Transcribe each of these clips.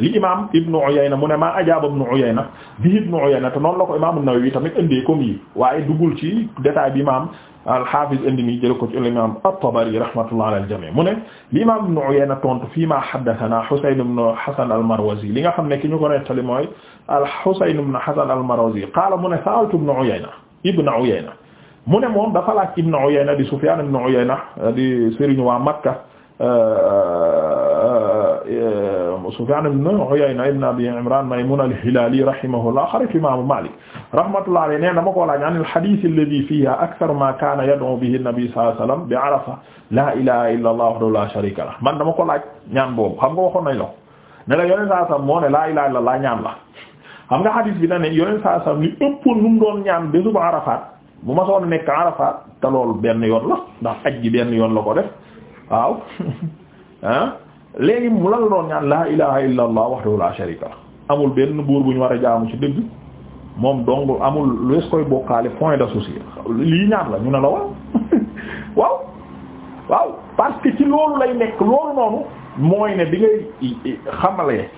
li imam ibnu Uyayna mu ne maa ajaaba ibnu Uyayna bi ibnu Uyayna te noonu la ko imam an-Nawawi tamit indee comme yi waaye duggul ci détail bi imam al-Hafiz indi mi jël ko ci imam at-Tabari rahmatullah ala al-jami' mu ne li imam ibnu Uyayna tontu fii ma haddathana Husayn ibn Hasan al-Marwazi li nga xam ne ki ñu ko nettali mooy al-Husayn ibn Hasan al-Marwazi qaala mu ne sa'altu ibnu Uyayna ibnu Uyayna mu ne moom dafa laaj ibnu Uyayna di Sufyan ibnu Uyayna di sëriñu waa Makka imaam Sufyaan ibn Uyayna ibn Abi Imraan Maymuun al-Hilaali rahimahullah xarit imaamu dama rahmatullah alayhi nee na ma ko laaj an al-hadiis alladii fiihaa akthar maa kaana yad'uu bihi an-nabi bi Arafa laa ilaaha illallaah wahdahu laa shariika lahu man dama ko laaj ñaan boobu xam nga waxoon nañ la ne la yonent saa sallam laa ilaaha illallaah ñaan la xam nga hadiis bi na ne yonent saa sallam li ëpp lu mu doon ñaan bésub Arafaat bu ma soon nekk Arafaat te loolu benn yoon la ndax aj gi benn yoon la ko def waaw ah léegi mu lan doon ñaan laa ilaha illa allah wahdahu la sharika la amul benn buur bu ñu war a jaamu ci dëgg moom dong amul lees koy bokkaale point d'associé lii ñaan la ñu ne la waaw waaw waaw parce que ci loolu lay nekk loolu noonu mooy ne bi ngay xamale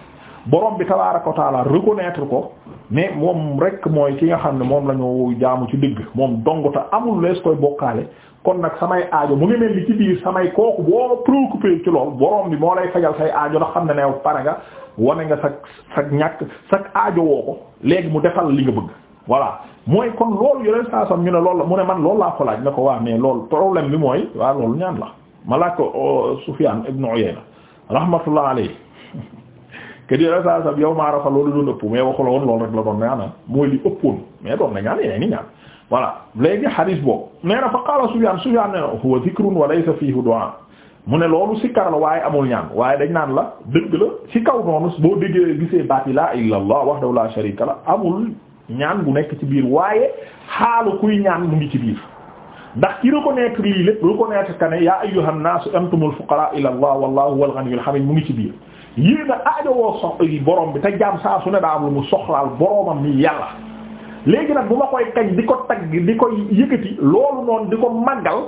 borom bi tabaaraka wa taala reconnaître ko mais moom rek mooy ki nga xam ne moom la ñu jaamu ci dëgg moom dong amul lees koy bokkaale kon nag samay aajo mu ngi mel ni ci biir samay kooku boo préoccupé ci lool borom bi moo lay fajal say aajo ndax xam ne ne pare nga wane nga sag sag ñàkk sag aajo woo ko léegi mu defal li nga bëgg voilà mooy kon loolu yeneen saa sam ñu ne loolu la mu ne man loolu laa ko laaj ne ko waa mais loolu problème bi mooy waa loolu ñaan la ma laaj ko euh, Sufyan ibn Uyayna rahmatullah que di la saa yow ma arafa loolu doon ëpp mais waxu la woon loolu rek la doon ñaanal mooy li ëppoon mais doon na ñaan yeneen ñaan voilà léegi xadis boobu nee na fa qaala Sufyaan Sufyaan ne na huwa dhikrun wa laysa fiihi mu ne loolu sikkar la waaye amul ñaan waaye dañ naan la dëgg la si kaw noonu boo déggee gisee baati laa ilaaha illallaah wahdahu laa shariika la amul ñaan bu nekk ci biir waaye xaalu kuy ñaan mu ngi ci biir ndax ki reconnaître lii lépp reconnaître que ne yaa ayyuhan naas antumul fuqaraa ilaa allaah wallaahu huwal ghaniyyul hamiid mu ngi ci biir yéen na aajowoo soxla yi borom bi te jaam saa su ne daa am lu mu soxlaal boromam mi yàlla léegi nag bu ma koy kañ di ko tagg di koy yëkkati loolu noonu di ko màggal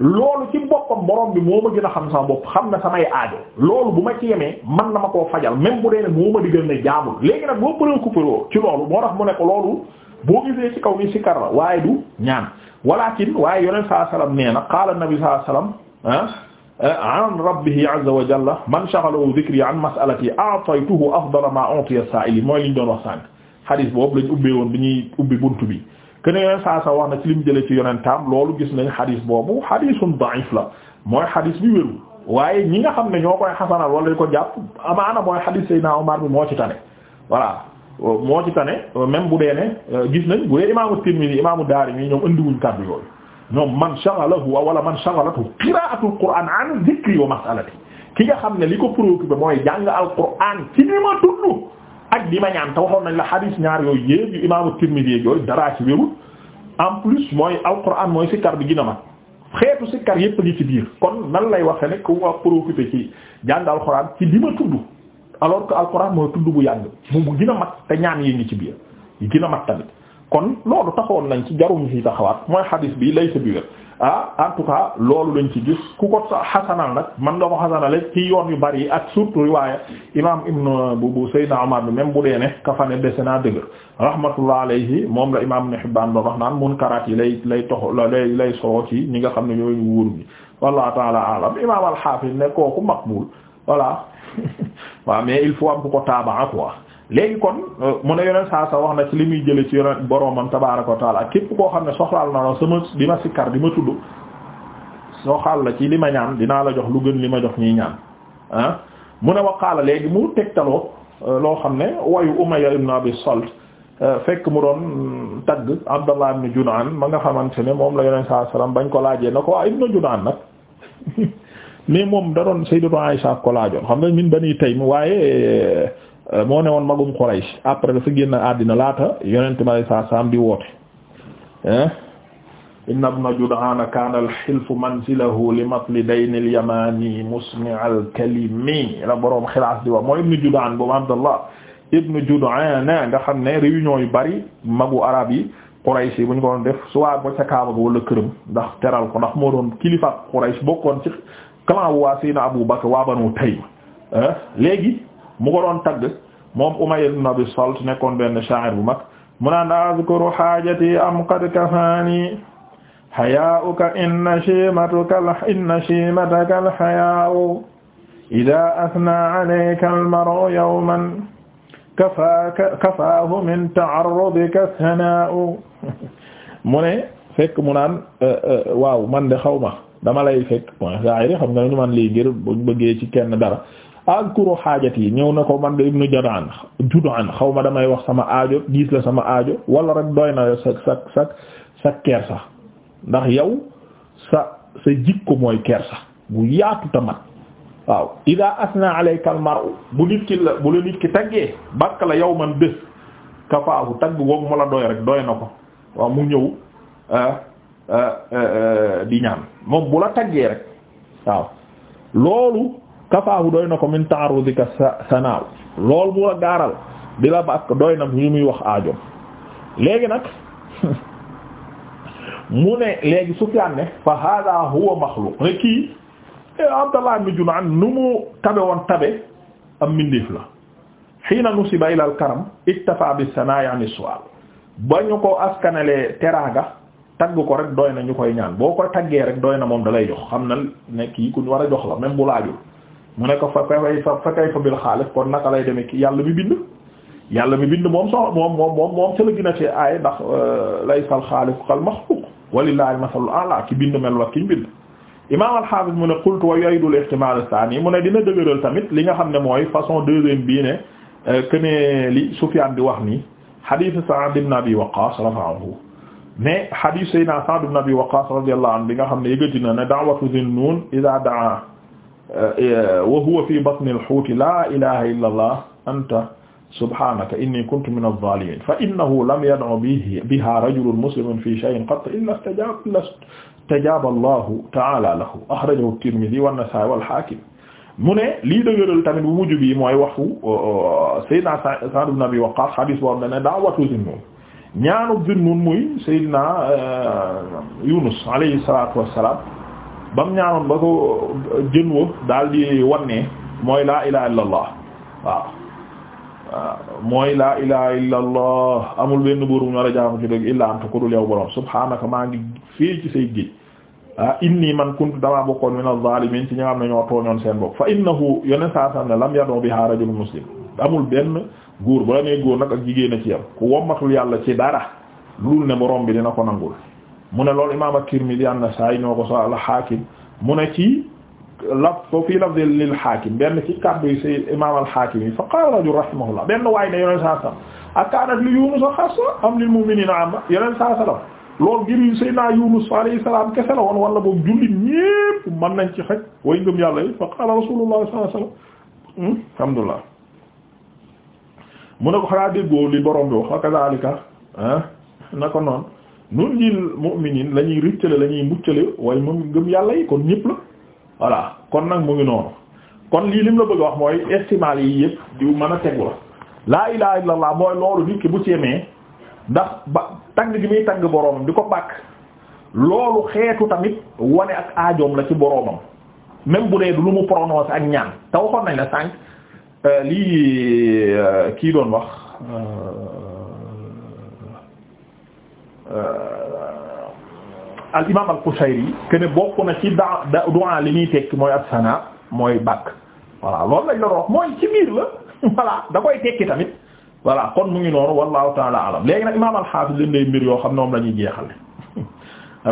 loolu ci boppam borom bi moo ma gën a xam sama bopp xam na samay aajo loolu bu ma ci yemee man na ma koo fajal même bu dee ne moo ma digal ne jaamul léegi nag boo préoccupé woo ci loolu moo tax mu ne loolu boo gisee ci kaw ni si kar la waaye du ñaan walakin waaye yonent saa sallam nee na qaala nabi saa sallam ah, an rabbihi azza wa jalla man shaghalahu dhikri an mas'alati a'taytuhu afdala ma u'tiya as-sa'ili mooy li doon wax sànq xadis boobu lañ ubbee woon bi ñuy ubbi buntu bi kene a saa sa wax na ci li mu jëlee ci yonentam loolu gis nañ xadis boobu xadisun da'if la mooy xadis bi wérul ñi nga xam ne ñoo koy xasanal wala ko jàpp amaana mooy xadis Seydina bi moo ci tane voilà moo ci tane même bu dee ne gis nañ bu dee imaamu Tirmidhi imaamu Daarimi ñoom andiwuñ kàddu yooyu ñoom man shaghalahu wala man shaghalathu qira'atul qur'an an dhikri wa mas'alati ki nga xam ne li ko préoccupé mooy jàng alquran ci ni ma ak di ma ñaan te waxoon nañ la hadith ñaar yooyu yépp yu imaamu Tirmidhi yooyu daraa ci wérul en plus mooy alquran mooy sikkar bi gën a mag xeetu sikkar yépp ngi ci biir kon nan lay waxe ne ku nga ci jàng alquran ci di ma tudd alors que alquran mooy tudd bu yàgg mu gën a mag te ñaan yi ci biir gën a kon loolu taxoon nañ ci jaruñu fi taxawaat mooy xadis bi lay sa bi ah en loolu lañ ci gis ku ko xasanal nag man nga ko xasanale ci yoon yu bari yi ak surtout riwaaya imam ibnu bu bu sayyidna Umar bi même bu dee ne ka fa ne dese naa dëgër rahmatullah alayhi moom la imam ibn Hibbaan doon wax naan munkaraat yi lay lay toxo lay lay solo ci ñi nga xam ne ñooy wóor ñi wallahu taala alam imam al-Hafiz ne kooku maqbul voilà waaw mais il faut am ku ko taabaa quoi léegi kon euh, mu ne yoneen saa sa wax na ci li muy jële ci yoneen boromam tabaaraka wa képp koo xam ne soxlaal na la sama di ma sikkar di ma tudd soxlaal la ci li ma ñaan dinaa la jox lu gën li ma jox nii ñaan ah mu ne waqaala léegi mu tegtaloo euh, loo xam ne wayu Umayya ibn Abi Salt euh, fekk mu doon tagg Abdallah ibn Junaan ma nga xamante ne moom la yoneen saa salaam bañ ko laajee na ko waa ah, ibn Junaan nag mais moom da doon Sayyidatu Aisha ko laajoon xam nga min Bani waaye Euh, moo ne woon magum Quraysh après dafa génn àddina laata yonent ma saa saam di woote inna ibna Jud'aan kaana al-hilfu manzilahu li dayni al musmi' al la boroom xilaas di wax mooy ibnu Jud'aan boobu Abdallah ibnu Jud'aan nga xam ne réunion yu bari magu arab yi Quraysh yi bu ñu ko doon def soit ba ca Kaaba ga wala këram ndax teral ko ndax moo doon kilifa Quraysh bokkoon ci clan waa Seydina Abu Bakr waa Banu Taym léegi mu ko doon tagg moom Umayya ibn Abi Salt nekkoon benn sha'ir bu mag mu naan azkuru haajati am qad kafaani hayaa'uka inna shimataka inna shimataka al-hayaa'u idaa athnaa alayka al-mar'u yawman kafaaka kafaahu min ta'arrudika thanaa'u mu ne fekk mu naan waaw man de xaw ma dama lay fekk bon saa xam nga ñu man lii ngir buñ bëggee ci kenn dara azkuru yi ñëw na ko man de ibnu judaan judaan xaw ma damay wax sama aajo diis la sama aajo wala rek doy na sa sa sa sa ndax yow sa sa ko mooy kersa bu yaatu tamat waaw ida asna alayka al mar'u bu nit ki la bu la nit ki taggee bakk la yow man bés kafaahu tagg googu mu la doy rek doy na ko waaw mu ñëw ah, ah, ah, di ñaan moom bu la taggee rek waaw loolu kafaahu doy na ko min taarudika sa sanaaw lool mu la gaaral di la bàkk doy na ñu muy wax aajo léegi nag mu ne léegi Sufyaan ne fa hada huwa maxluq ne kii eh, Abdallah ibn Junaan nu mu tabe woon tabe am mindiif la xiina nusiba ila al karam iktafa bi sanaa'i an su'aal ba ñu ko askanalee teraanga tagg ko rek doy na ñu koy ñaan boo ko taggee rek doy na moom dalay jox xam na ne kii ku ñu war a jox la même bu mu ne ko fa fa fa kay kon naka lay demee ki yàlla mi bind yàlla mi bind moom sox moom moom moom moom ca la gën a tee aay ndax euh, laysal xaaliqu kal maxluuq walillahi al-masalul a'la ki bind mel wa ki bind imam al-hafiz mu ne qultu wa yayidul ihtimal ath-thani mu ne dina dëgëral tamit li nga xam ne mooy façon deuxième bii ne euh, que li Sufyan di wax nii hadith Sa'd ibn Abi Waqqas rafa'ahu mais hadith Sayyidina Sa'd ibn Abi Waqqas radiyallahu anhu bi nga xam ne yëgati Eh, wa huwa fi batni al-huut laa ilaaha illa allah anta subhaanaka inni kuntu mina az-zaalimiin fa innahu lam yad'u bihaa rajulun muslimun fii shay'in qatt illaa istajaaba allahu ta'aalaa lahu akhrajahu at-Tirmidhi wan-Nasaa'i wal-Haakim mu ne lii dëgëral tamit bu mujj bi mooy waxu Seydina Sa'd ibn Abi Waqqaas hadiis boo xam ne daawatu Zunnuun ñaanu Zunnuun muy Seydina eh, Yunus alayhi salaatu wa salaam ba mu ñaanoon ba ko uh, jën wo daal di wannee mooy laa ilaha illa allah waaw waaw uh, mooy laa ilaha illa allah amul benn buur bu ñu war a jaamu ci dëgg illa anta ku dul yow borom subhaanaka maa ngi fii ci say géej ah uh, inni man kuntu damaa bokkoon min az-zaalimiin ci ñi nga xam ne ñoo tooñoon seen bopp fa innahu yoneen saa sam ne lam yad'u bihaa rajul muslim amul benn góor bu la nee góor nag ak jigéen a ci yam ku wommatul yàlla ci dara lu ne borom bi dina ko nangul mu ne loolu imaam at-Tirmidhi an-Nasaa'i ñoo ko soxla al-Haakim mu ne ci la foo fii lafdi lil Haakim benn ci kàddu yi say imaam al-Haakim yi fa qaala rajul rahimahullah benn waay ne yeneen saa salaam akaanat li Yuunus xaassa am lil mu'miniina amma yeneen saa salaam loolu ngir Seydina Yuunus alayhi salaam kese la woon wala boog jullit ñépp mën nañ ci xaj way ngëm yàlla yi fa qaala Rasuulullah sallallahu alayhi wasallam hmm, alhamdulillah mu ne ko xanaa déggoo li borom bi wax wa kadhalika ah na ko noonu nun jil mu'minin la ñuy rëccale la ñuy muccale waaye moom gëm yàlla yi kon ñépp la voilà kon nag mu ngi noonu kon lii lim la bëgg a wax mooy estimal yi yëpp diw mën a tegu la laa ilaha illallah mooy loolu nit ki bu ceemee ndax ba tagg gi muy tagg boroomam di ko bàkk loolu xeetu tamit wane ak aajoom la ci boroomam même bu dee du lu mu prononcé ak ñaan te waxoon nañ la sànq euh, lii euh, kii doon wax euh, Euh, al imaam al Qushayri que bokk na ci da du'a li muy tekki mooy asana mooy bàkk voilà loolu lañ la wax mooy ci biir la voilà da koy tekki tamit voilà kon mu ngi noonu wallahu taala alam léegi nag imaam al Hafiz leen day mbir yoo xam ne moom la ñuy jeexale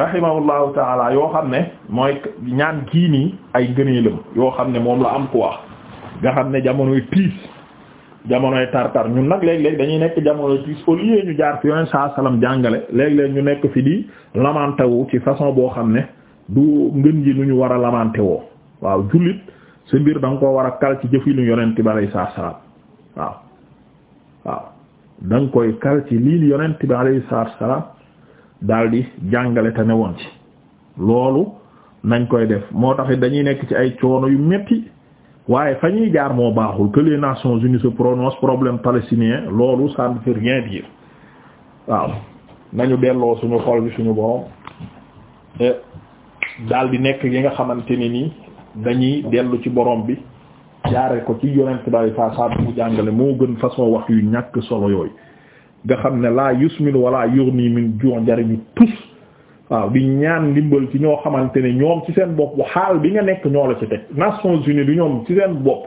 yoo xam ne mooy ñaan kii ay gëneelam yoo xam ne moom la am ku wax nga xam ne jamonoy tiis jamonoy tartar ñun nag léeg-léeg dañuy nekk jamono ci au lieu ñu jaar fi yoneen saa salaam jàngale léeg-léeg ñu nekk fi di lamantewu ci façon boo xam ne du ngën ji nu ñu war a lamante woo waaw jullit sa mbir da nga koo war a kal ci jëf yi lu yonent bi alayhi salaatu salaam waaw koy kal lii yonent bi alayhi salaatu salaam daal di jàngale te ne woon ci loolu nañ koy def moo tax dañuy nekk ci ay coono yu metti waaye fa ñuy jaar moo baaxul que les Nations Unies se prononcent problème palestinien loolu ça ne veut rien dire waaw nañu delloo suñu xool bi suñu borom daal di nekk yi nga xamante ni nii dañuy dellu ci boroom bi jaare ko ci yonent bari fa sa bu jàngale moo gën façon wax yu ñàkk solo yooyu nga xam ne laa yusmin wala yughni min ju' jariñu tus waaw di ñaan ndimbal ci ñoo xamante ne ñoom ci seen bopp bu xaal bi nga nekk ñoo la ci teg Nations Unies du ñoom ci seen bopp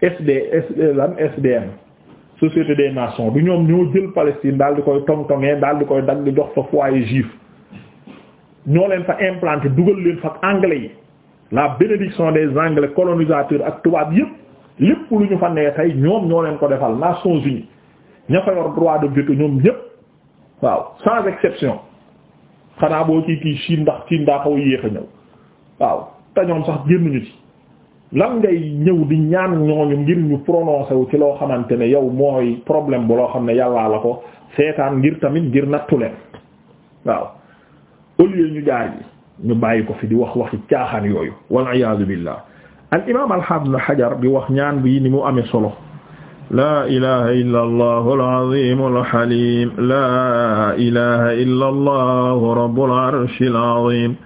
SD lan SDN Société des Nations du ñoom ñoo jël Palestine daal di koy tong-tongee daal di koy dagg jox fa foyer juif ñoo leen fa implanté dugal leen fa anglais yi la bénédiction des anglais colonisateurs ak tubaab yépp lépp lu ñu fa nee tey ñoom ñoo leen ko defal Nations Unies ña fa yor droit de veto ñoom ñépp waaw sans exception xanaa boo ci kii Chine ndax Chine daa xaw a yéex a ñëw waaw te ñoom sax génnuñu ci lan ngay ñëw di ñaan ñooñu ngir ñu prononcé wu ci loo xamante ne yow mooy problème bu loo xam ne yàllaa la ko seetaan ngir tamit ngir nattu leen waaw au ñu jaar yi ñu bàyyi ko fi di wax waxi caaxaan yooyu wal iyaadu billah al imaam al hafiz bi wax ñaan bi ni mu amee solo laa ilaha illa allahu alaazimu alxalim laa ilaha illa allahu rabbul arshil aziim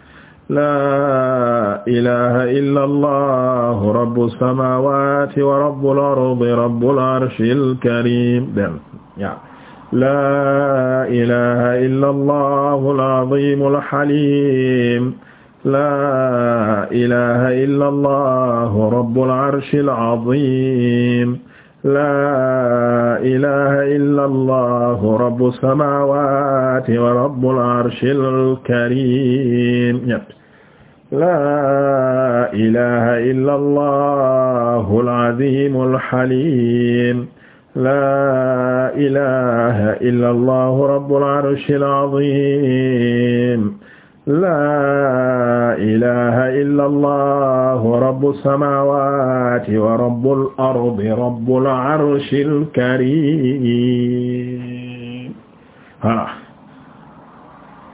laa ilaha illa allahu rabbus samaawaati wa rabbul ardi rabbul arshil kariim benn yaa laa ilaha illa allahu alaazimu alxalim laa ilaha illa allahu rabbul arshil aziim laa ilaha illa allah rabbu samawati wa rabbul arshil karim ñett laa ilaha illa allahul azimul halim laa ilaha illa allah rabbul arshil azim laa ilaha illa allahu rabbu samawati wa rabbul ardi rabbul arshil karim voilà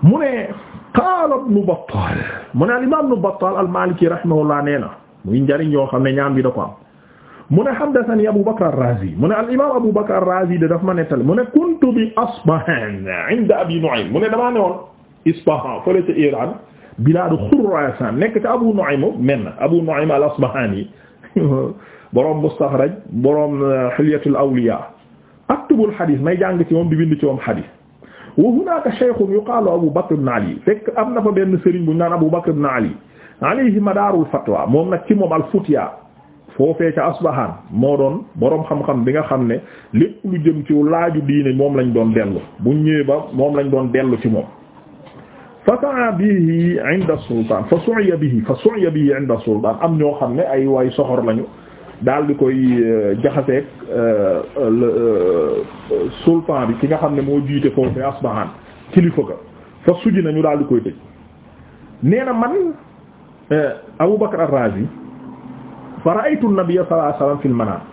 mu ne qaala ibnu Battaal mu ne al-imaam ibnu Battaal al-Maaliki rahimahullah nee na muy njëriñ yoo xam ne ñaam bi da ko am mu ne haddathanii Abu Bakr ar-Raazi mu ne al-imaam Abu Bakr ar-Raazi da daf ma nettali mu ne kuntu bi Asbahaan inda Abi Nu'aym mu ne damaa newoon Ispahan fële ca Iran bilaadu Xuraasaan nekk ca Abu Nu'aym men Abu Nu'aym al-Asbahani borom Mustaxraj borom uh, Hilyatul Awliyaa aktubul xadis may jàng ci moom di bind ci moom xadis wa hunaaka shaykhun yuqaalu Abu Bakr ibn Ali fekk am na fa benn sëriñ bu ñu naan Abu Bakr ibn Ali alayhi madaarul fatwa moom nag ci moom al-Futya foofee ca Asbahan moo doon boroom xam-xam bi nga xam ne lépp lu jëm ci laaju diine moom lañ doon dellu bu ñëwee ba moom lañ doon dellu ci moom. fa sa'a bihi inda sultaan fa su'iya bihi fa su'iya bihi inda sultaan am ñoo xam ne ay waay soxor lañu daal di koy euh, jaxaseeg euh, euh, sultaan bi ki nga xam ne moo jiite foofu Asbahan kilifa ga fa suji nañu daal di koy tëj nee na man Abu Bakr ar-Razi fa ra'aytu an-nabiyya sallallahu alayhi wa sallam fil manaam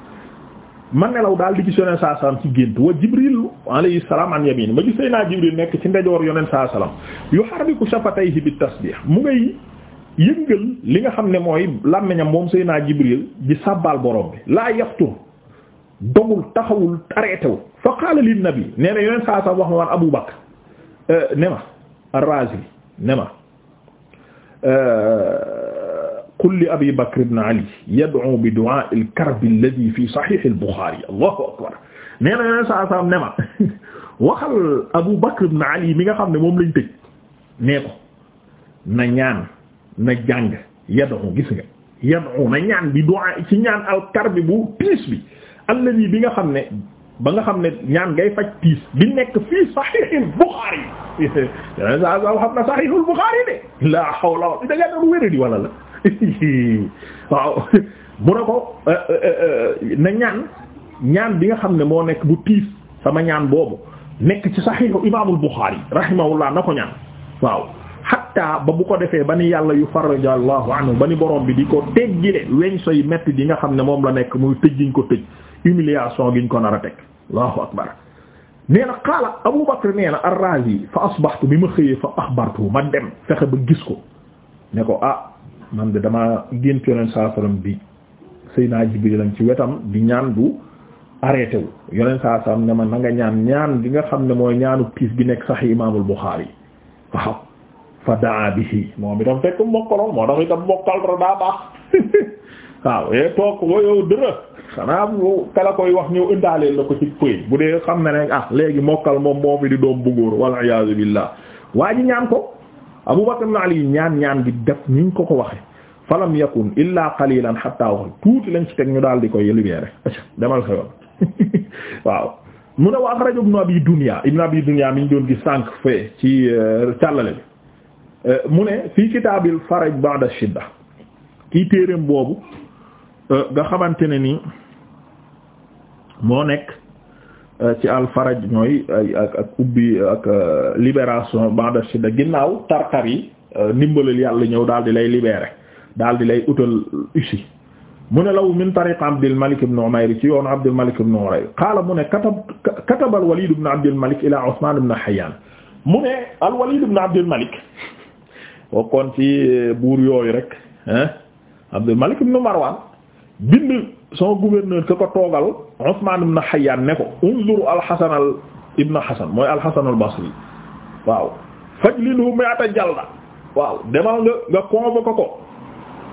ma nelaw daal di gis yonent saa salaam ci gént wa Jibril alayhi salaam an yamin ma gis Seydina Jibril nekk ci ndejoor yonent saa salaam yuharriku shafatayhi bit tasbih mu ngay yëngal li nga xam ne mooy làmmiñam moom Seydina Jibril di sàbbaal borom bi laa yaftur dogul taxawul arrêté wu. fa qaala nabi nee na yonent saa wax na waan Abu Bakr euh, ne ma ar ne ma. Euh, qul li abi bakr ibn ali yad'u bi du'a al-karb alladhi fi sahih al-bukhari allahu akbar nee na yeneen saa saam ne ma waxal abu bakr ibn ali mi nga xam ne moom lañ tëj nee ko na ñaan na jàng yad'u gis nga yad'u na ñaan bi du'a ci ñaan al-karb bu tiis bi alladhi bi nga xam ne ba nga xam ne ñaan ngay faj tiis bi nekk fii saxiixul Buxaari yeneen saa saam xam na saxiixul Buxaari de la hawla da nga doon wéradi wala la waaw mu ne ko eh, eh, eh, na ñaan ñaan bi nga xam ne moo nekk bu tiis sama ñaan boobu nekk ci saxiixu imaamul Buxaari rahimahullah na ko ñaan waaw hatta ba bu ko defee ba ni yàlla yu farraja allahu anhu ba ni borom bi di ko teggile weñ soy metti di nga xam ne moom la nekk muy tëj giñ ko tëj humiliation giñ ko nar teg allahu akbar nee na Abu Bakr nee na fa asbahtu bi ma xëyee fa axbartu ma dem fexe ba gis ko ne ko ah man de damaa gént yonent saa sallam bi Seydina Jibril lañ ci wetam di ñaan du arrêté wu yonent saa sallam ne ma na nga ñaan ñaan bi nga xam ne mooy ñaanu piis gi nekk sax Imaamul Buxaari waaw fa daa bihi moom itam fekk mokkaloon moo tax itam mokkal ta daa baax waaw e toog ko yow dërë xanaa bu kala koy wax ñëw ëndaaleel la ko ci pëy bu dee xam na ne ah léegi mokkal moom moo fi di doom bu góor wal iyaazu billah waa ji ñaan ko Abu Bakr ibn Ali ñaan ñaan gi def ni ñu ko ko waxee falam yakun illa qalilan hatta wax tuuti lañ ci teg ñu daal di koy libéré demal sa yoon waaw mu ne wa axraja ibn Abi Dunya ibn Abi Dunya mi ñu doon gi sànq fee ci càllale euh, bi euh, mu ne fii kitaabil faraj ba'da shidda kii téereem boobu euh, nga xamante ne nii moo nekk Euh, ci alfaraj ñooy ay ak ak ubbi ak euh, libération ba'da shidda ginnaaw tartar yi euh, ndimbalal yàlla ñëw daal di lay libérer daal di lay utal ussi mu ne law min tariq Abdul Malik ibn Umayr ci yoonu Abdul Malik ibn Umayr qaala mu ne katab katab al Walid ibn Abdul Malik ila Usman ibn Hayyan mu ne al Walid ibn Abdul Malik bokkoon ci buur yooyu rek ah Abdul Malik ibn Marwan bind. son gouverneur ka ko toogal Usman ibn Hayyan ne ko unzur al-Hasan ibn Hasan mooy al-Hasan al-Basri waaw a mi'ata jalda waaw demal nga nga convoqué ko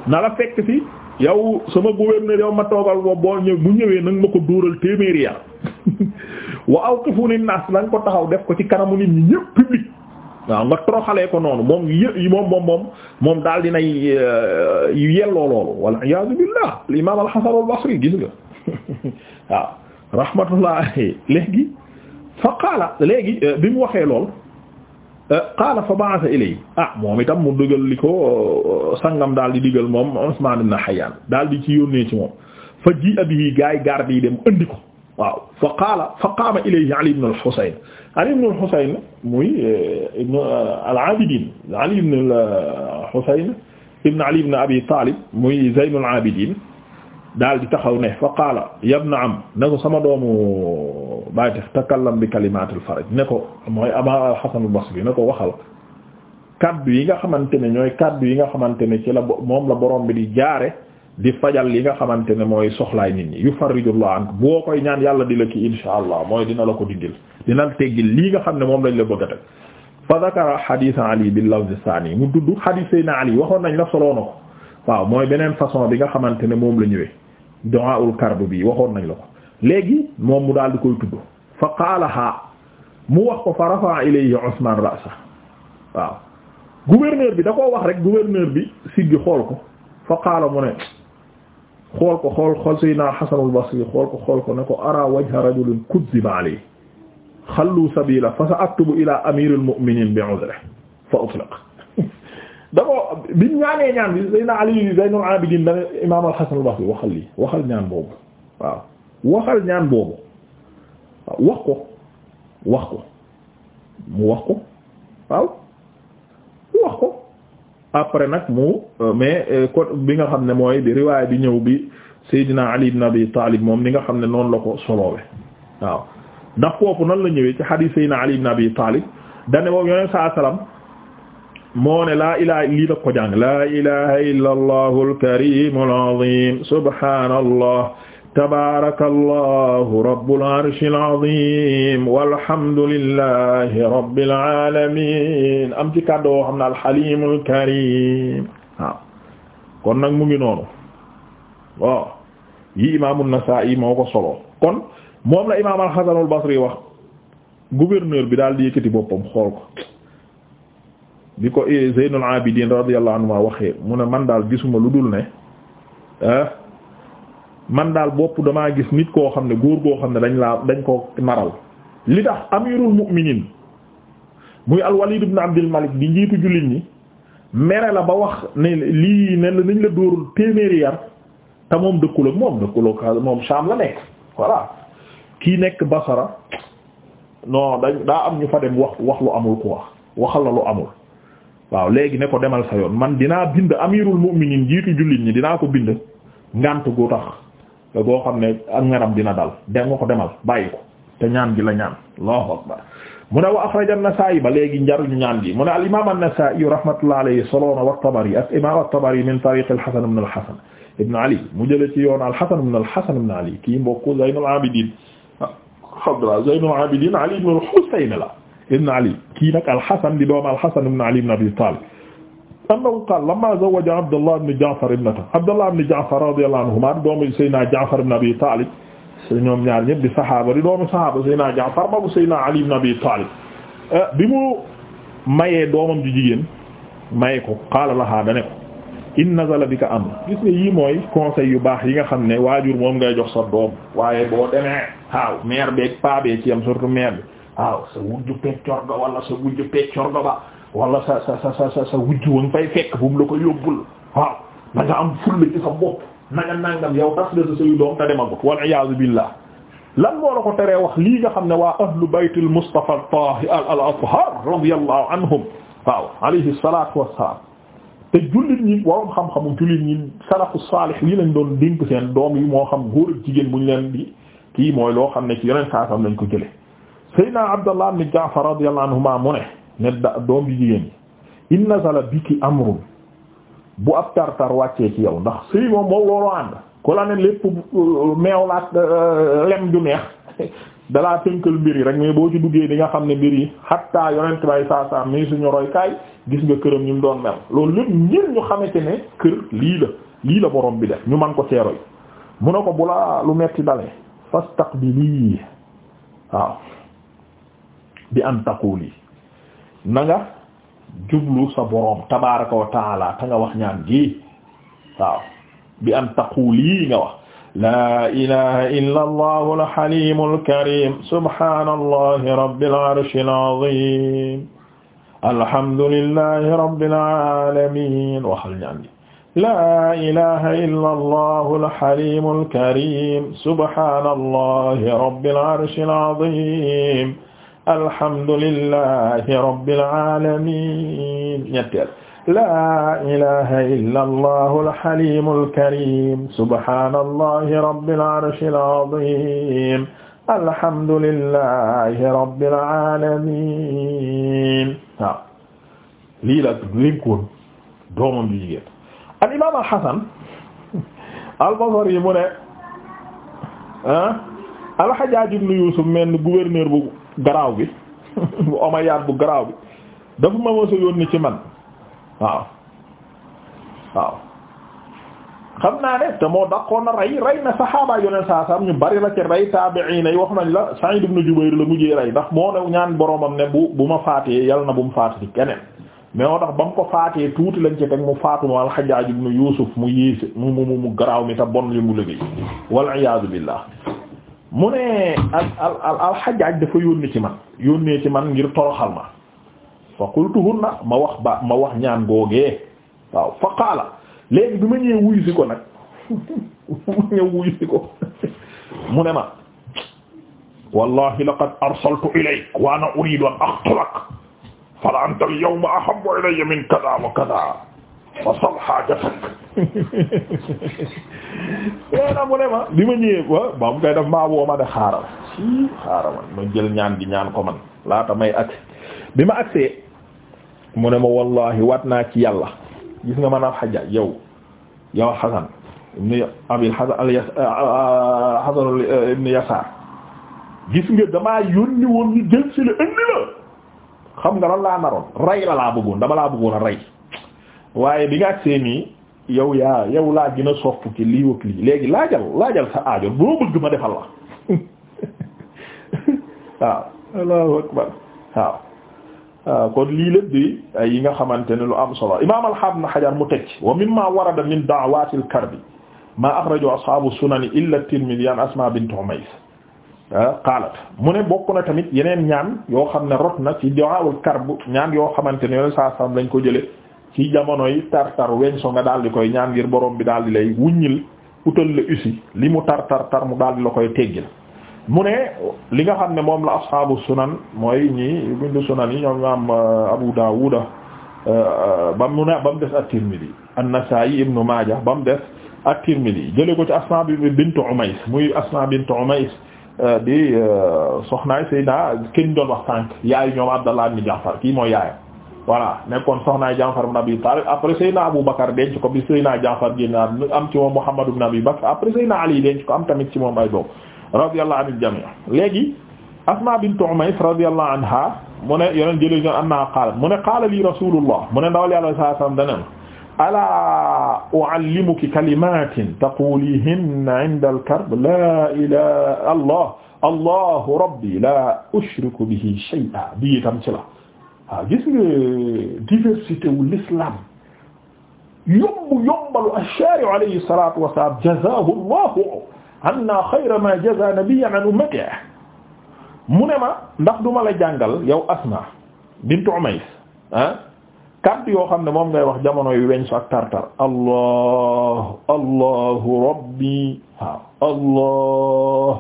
na la fekk fi yow sama gouverneur yow ma toogal ko boo bu ñëwee nag ma ko dóoral téeméeri yar wa awqifuni nas lañ ko taxaw def ko ci kanamu nit ñi ñëpp public waaw nga toroxalee ko noonu moom yë moom moom moom moom daal dinay euh, yelloo loolu wal iyaazu billah al imaam al hasan al basri gis nga waaw rahmatullah léegi fa qaala léegi euh, bi mu waxee lool euh, qaala fa ba'atha ilay ah moom itam mu dugal li ko sangam daal di digal moom Usmaan ibn Hayyaan daal di ci yónnee ci moom fa ji abihi gaay gaar bi dem andi ko waaw fa qaala fa qaama ilayhi Ali ibn al-Husayn Ali ibn al-Husayn muy eh, ibn eh, al-Abidin Ali ibn al-Husayn ibn Ali ibn Abi Talib muy Zayn al-Abidin daal di taxaw ne fa qaala ya ibn am ne ko sama doomu bàyyi def takallam bi kalimaat al-faraj ne ko mooy Aba al-Hasan al-Basri ne ko waxal kaddu yi nga xamante ne ñooy kaddu yi nga xamante ne ci la moom la borom bi di jaare di fajal yi nga xamante ne mooy soxlaay nit ñi yufarrijullah an boo koy ñaan yàlla di la ki insha allah mooy dina la ko dindil dina la teggil lii nga xam ne moom lañ la bëgg a teg fa zakara hadith ali bil lafz sani mu dudd hadith sayna ali waxoon nañ la soloo na ko waaw mooy beneen façon bi nga xamante ne moom la ñëwee du'aul karb bi waxoon nañ la ko léegi moom mu daal di koy tudd fa qaalaha mu wax ko fa rafa'a ilayhi Usman ra'sa waaw gouverneur bi da koo wax bi siggi xool xool ko xool xool Seydina Hasanul Basri xool ko xool ko ne ko ara wajha rajulin kuddiba alayhi xallu sabila fa sa aktubu ila amiril mu'minin bi uzrihi fa utlaq da ko biñ ñaanee ñaan bi Seydina Ali Zaynul Abidin dana Imaam al-Hasanul Basri waxal lii waxal ñaan boobu waaw waxal ñaan boobu waaw wax ko wax ko mu wax ko waaw après nag mu euh, mais ko euh, bi nga xam ne mooy bi riwaay bi ñëw bi Seydina Ali ibn Abi Talib moom ni nga xam ne noonu la ko soloowe waaw ndax foofu nan la ñëwee ci hadith Seydina Ali ibn Abi Talib dane boobu yoneen saa salaam moo laa ilaha lii dag ko jàng laa ilaha illa allahu alkarimu alazim subhanallah tabarakallahu rabbul arshil azim walhamdulillahi rabbil alamin am ci kàddu woo xam ne kon nag mu ngi noonu waaw yi imaamu Nasaa'i moo ko solo kon moom la imaam alxasanul basri wax gouverneur bi daal di yëkkati boppam xool ko bi ko Zeynul Abidin mu ne man daal gisuma lu dul ne man daal bopp damaa gis nit koo xam ne góor goo xam ne dañ laa dañ ko maral li tax amirul mu'minin muy al-Walid ibn Abdul Malik di njiitu jullit ñi mere la ba wax ne lii ne la nañ la dóorul téeméeri yar te moom dëkkul ak moom dëkkul ak moom Sham la nekk voilà kii nekk Basra non dañ daa am ñu fa dem wax wax lu amul ku wax waxal la lu amul waaw léegi ne ko demal sa yoon man dinaa bind amirul mu'minin njiitu jullit ñi dinaa ko bind ngànt gu tax boo xam ne ak ngaram dina dal dégg nga ko demal bàyyi ko te ñaan gi la ñaan allahu akbar mu ne wa axraja an-Nasaa'i ba léegi njaruñu ñaan gi mu ne al-imaam an-Nasaa'i rahmatullahi alayhi soloona wa at-Tabari ak imaam at-Tabari min tariq al-Hasan ibn al-Hasan ibn Ali mu jële ci yoon al-Hasan ibn al-Hasan ibn Ali kii mbokku Zaynul Abidin ah Abdullah Zaynul Abidin Ali ibn al-Husayn la ibn Ali kii nag al-Hasan di doom al-Hasan ibn Ali ibn Abi Talib annahu qaala lamma zawaja Abdullah ibn Ja'far ibnatahu Abdullah ibn Ja'far radiyallahu anhuma doomu Seydina Ja'far ibn Abi Talib ñoom ñaar ñëpp di saxaaba di doomu saxaaba Seydina Ja'far magu Seydina Ali Abi Talib eh, bi mu mayee doomam ju jigéen maye ko qaala lahaa dane ko in nazala bika amr gis ne yii mooy conseil yu baax yi nga xam ne waajur moom ngay jox sa doom waaye boo demee waaw mère paa bee yam surtout mère bi wala sa sa sa sa sa wujj wa nga fay fekk bu mu la ko yóbbul waaw na nga am fulla ci sa bopp na nga nangam yow tas nga sa sayu doom te demagut wal iyaazu billah lan moo la ko teree wax lii nga xam ne waa ahlu baytul mustafa at-tahir al athhar radiyallahu anhum waaw alayhi salatu wassalam te jullit ñi waroon xam-xamu jullit ñi salafu saalih lii lañ doon dénk seen doom yi moo xam góor ak jigéen bu ñu leen di kii mooy loo xam ne ci yeneen saa sam lañ ko jële sayyidina abdallah ibn ja'far radiyallahu anhuma mu ne ne da doom bi jigéen yi in nazala biki amrun bu ab tartar wàccee ci yow ndax sëy moom moom looloo ànd ku la ne lépp euh, meew laa euh, lem ju neex dalaa tënkal mbir yi rek mais boo ci duggee di nga xam ne mbir yi xatta yonent bay saa saa mii suñu roykaay gis nga këram ñu mu doon mel loolu lépp ngir ñu xamante ne kër lii la lii la borom bi def ñu man ko ceeroy mu ne ko bu la lu metti dalee fastaqbilii waaw bi an taquli na nga jublu sa boroom tabaraka wa taala ta nga wax ñaan gi waaw bi an taqul yi nga wax laa ilaha illa allahu alxalimu alkarim subhanallahi rabbil arshil azim alhamdulillahi rabbil alamin waxal ñaan gi laa ilaha illa allahu alxalimu alkarim subhanallahi rabbil arshil azim alhamdulillahi rabbil alamin ñetteel laa ilaha illa allahu alhalimul karim subhanallahi rabbil arshil azim alhamdulillahi rabbil alamin waaw lii la lénkoon doomam bi jigéen al imam al hasan al basri mu ne ah, al hajjaj ibn yusuf men gouverneur bu garaaw bi bu Omayyad bu garaaw bi dafa ma mos yoon yónni ci man waaw waaw xam naa ne te moo daqoon na rey rey na saxaaba yoneen saa saam ñu bari la ci rey taabi'iin yi wax nañ la Sa'id ibn Jubayr la mujjee rey ndax moo ne ñaan boromam ne bu bu ma faatee yal na bu mu faatu ci keneen mais moo tax ba mu ko faatee tuuti lañ ci teg mu faatu ma al-Hajjaaj ibn Yuusuf mu yées mu mu mu garaaw mi te bon li mu liggéey wal iyaadu billah mu ne al al al xajaaj dafa yónni ci man yónnee ci man ngir toroxal ma fa qultuhunna ma wax ba ma wax ñaan googee waaw fa qaala léegi bi ma ñëwee wuyu si ko nag ma ñëw wuyu si ko mu ne ma wallahi laqad arsaltu ilayk wa ana uridu an aqtulak fala anta al yawma ahabbu ilayya min kada wa kada fa sal haajatak nee na mu ne ma bi ma ñëwee ba ba mu koy def maa woo ma de xaaral xaaral ma jël ñaan gi ñaan ko man laata may agsi bi ma agsee mu ne ma wallahi waat naa ci yàlla gis nga man a xaja yow yow Xasan ibn Abil Xasan al Xasan euh, euh, euh, ibn Yasaar gis nga damaa yónni woon ñu jël ci la indi la xam nga lan laa naroon rey la laa bëggoon dama laa bëggoon a rey waaye yow yaa yow laa gën a sopp ci lii wëkk lii léegi laajal laajal sa aajo boo bëgg ma defal la waaw allahu akbar waaw waaw kon lii lépp ay yi nga xamante ne lu am solo imam al-hafiz ibn hajar mu tecc wa mimma warada min da'awati al-karbi ma akhrajahu ashabu sunani illa at-tirmidhi an qaalat mu ne bokk na tamit yeneen ñaan yoo xam ne rot na ci da'awul karb ñaan yoo xamante ne yoon saa sam lañ ko jële ci jamono yi tar-tar weñ so nga daal di koy ñaan ngir borom bi daal di lay wuññil utal la usi li mu tar-tar-tar mu daal di la koy teggil mu ne li nga xam ne moom la ashaabu sunan mooy ñi bindu sunan yi ñoom imaam euh, Abu Daawuda euh, ba mu ne ba mu des at-Tirmidhi an-Nasaa'i ibnu Maaja ba mu des at-Tirmidhi jële ko ci Asmaa bi bint Umays muy Asmaa bint Umays euh, di soxnaay Seydina kenn doon wax tànk yaayu ñoom Abdallah ibn Jaafar kii mooy yaayam voilà nekkoon soxnaay Jaafar ibn Abi Talib après Seydina Abu Bakar denc ko bi Seydina Jaafar génn am ci moom Muhammad ibn Abi Bakr après Seydina Ali denc ko am tamit ci moom ay doom radiyallahu anil jami' léegi Asma bint Umays radiyallahu anha mu ne yeneen jëlee ñoom am naa qaalat mu ne qaala li Rasulullah mu ne ndawal yàlla sallallahu alayhi wasallam dana alaa u'allimuki kalimatin taqulihinna 'inda al-karb laa ilaaha illallah allahu rabbi laa ushriku bihi shay'an bi itam ci la waaw ah, gis nga diversité wu l'islam yomb yombalu ash-shari' alayhi salatu wassalam jazahu allahu anna xayra ma jaza nabiyyan an ummatihi mu ne ma ndax duma la jàngal yow Asma bint Umays ah kàddu yoo xam ne moom ngay wax jamono yu weñ su ak tartar allah allahu rabbi waaw allah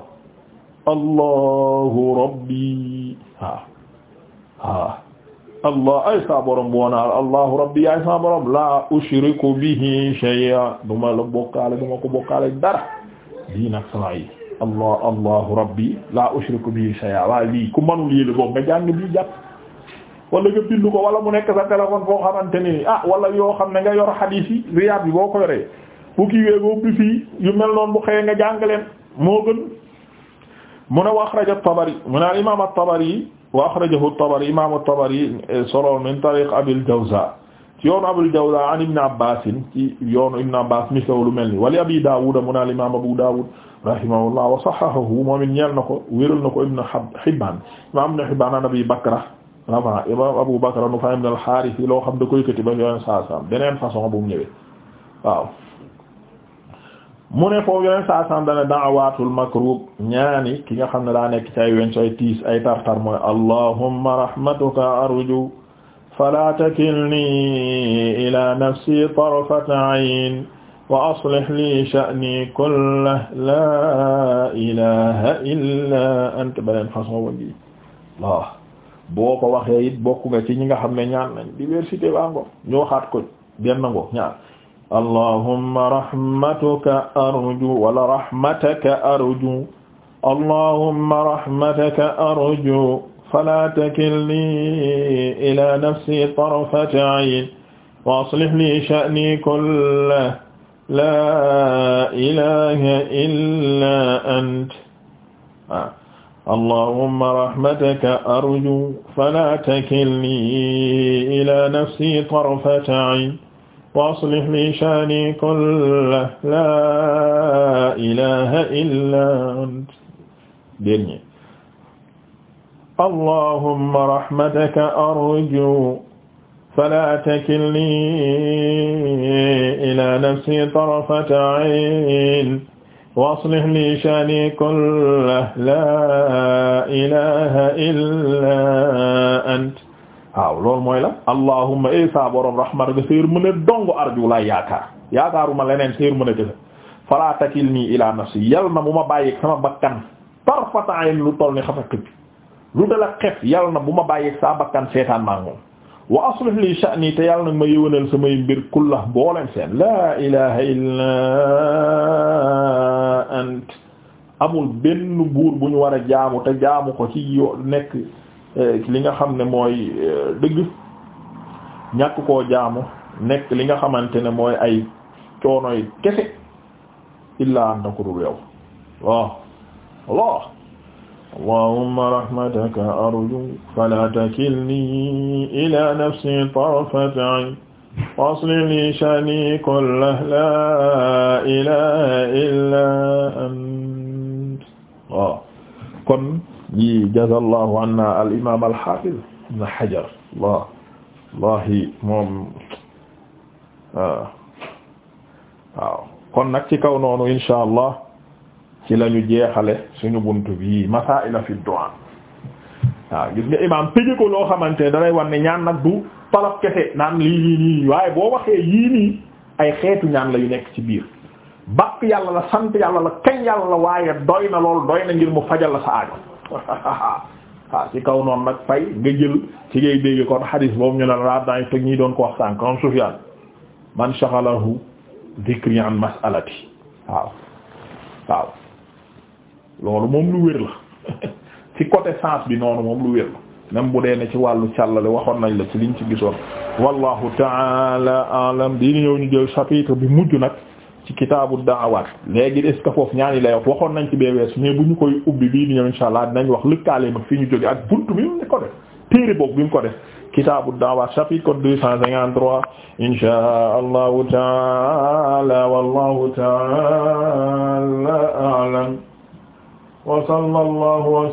allahu rabbi waaw waaw allah ay sa borom boonaal allahu rabbi yaay sa borom la ushriku bihi shay'a du ma la bokkaale du ma ko bokkaale dara lii nag sama yi allah allahu rabbi la ushriku bihi shay'a waaye lii ku manul yéli boobu nga jàng bii jàpp wala nga bind ko wala mu nekk sa téléphone foo xamante ni ah wala yoo xam ne nga yor xadiis yi riyaad bi boo ko yoree bu kiiwee nga ubbi fii yu mel noonu bu xëyee nga jàng leen moo gën mu ne wax rajo Tabari mu ne al imaam at-Tabari wa akhrajahu at-Tabari imam at-Tabari eh, solo min tariq Abil Jawza ci yoonu Abil Jawza an Ibn Abbas ci yoonu Ibn Abbas mi lu mel ni wali Abi Dawud mu naan imam Abu Dawud rahimahullah wa sahhahahu moom it ñeel na ko wéral na ko Ibn Hibban imam Ibn Hibban an Abi Bakra rafa imam Abu Bakra nu fa ibn al-Harith loo xam da koy këti ba yoon saa sam beneen façon bu mu ñëwee waaw mu ne foofu yeneen saa sàn dana da'watul makrub ñaani ki nga xam ne daa nekk ci ay weñ ay tiis ay tartar mooy allahumma rahmatuka arju fala takilni ila nafsi tarfata ayn wa aslih li sha'ni kullahu la ilaha illa anta beneen façon wa gi waaw boo ko waxee it bokk nga ci ñi nga xam ne ñaan nañ diversité baa ngo ñoo xaat ko benn ngo ñaar allahumma rahmatuka arju wala rahmataka arju allahumma rahmataka arju fala takilni ila nafsi tarfata ayn wa aslih li sha'ni kullahu la ilaha illa anta allahumma rahmataka arju fala takilni ila nafsi tarfata ayn waslih li shani kullah la ilaha illa ant dernier allahumma rahmataka arju fala takilni ila nafsi tarfata ayn waslih li shani kullah la ilaha illa ant waaw loolu mooy la allahumma ay eh, sa borom rahmata nga séer mën a dong arju yaakaar yaakaaruma leneen séer mën a gësa fala takilnii ila nafsi yal na bu ma bàyyeeg sama bakkan tarfata ayn lu toll ni lu dala xef yal na bu ma bàyyeeg saa bakkan seetaan maa moom wa aslih li sha'ni te yàlla nag ma yëwanal samay mbir kulla booleen seen laa ilaha illa ant amul benn buur bu ñu war a jaamu te jaamu ko ci yoo nekk Euh, li nga xam ne mooy euh, dëgg ñàkk koo jaamu nekk li nga xamante ne mooy ay coonoy kese illaa anta ku dul yow waaw Allah allahumma rahmataka arju fala takilni ila nafsi tarfata ayn waslih li shani kullah la ilaha illa ant waaw kon ji jazallahu anna al imam al hafiz wallahi moom ah, waaw kon nag ci kaw noonu insha allah ci la jeexale suñu bunt bi masaa'il fi du'a waaw gis nga imam tëje ko loo xamante ne dalay wan ne ñaan nag du palab kese naan lii nii nii waaye boo waxee yii nii ay xeetu ñaan la yu nekk ci biir bakk yàlla la sant yàlla la kañ yàlla la waaye doy na lool doy ngir mu fajal la sa waaw ah, ci kaw noonu nag fay nga jël ci ngay dégg kon xadis boobu ñu ne la daañu te ñi doon ko wax sànq noonu Sufyaan man shaghalahu dhikri an mas'alati waaw waaw loolu moom lu wér la ci côté sens bi noonu moom lu wér la même bu dee ne ci wàllu càllale waxoon nañ la ci liñ ci gisoon wallahu ta'ala a'lam di ñëw ñu jël chapitre bi mujj nag. ci kitaabu da'awaat léegi est-ce que foofu ñaani lay wax waxoon nañ ci bee bu ñu koy ubbi bii di ñëw insha allah dinañ wax lëkkaale mag fi ñu jóge ak buntu bi mu ko def téere boobu bi mu ko def kitaabu da'awaat chapitre 253 insha allahu taala wallahu taala a'lam wa sallallahu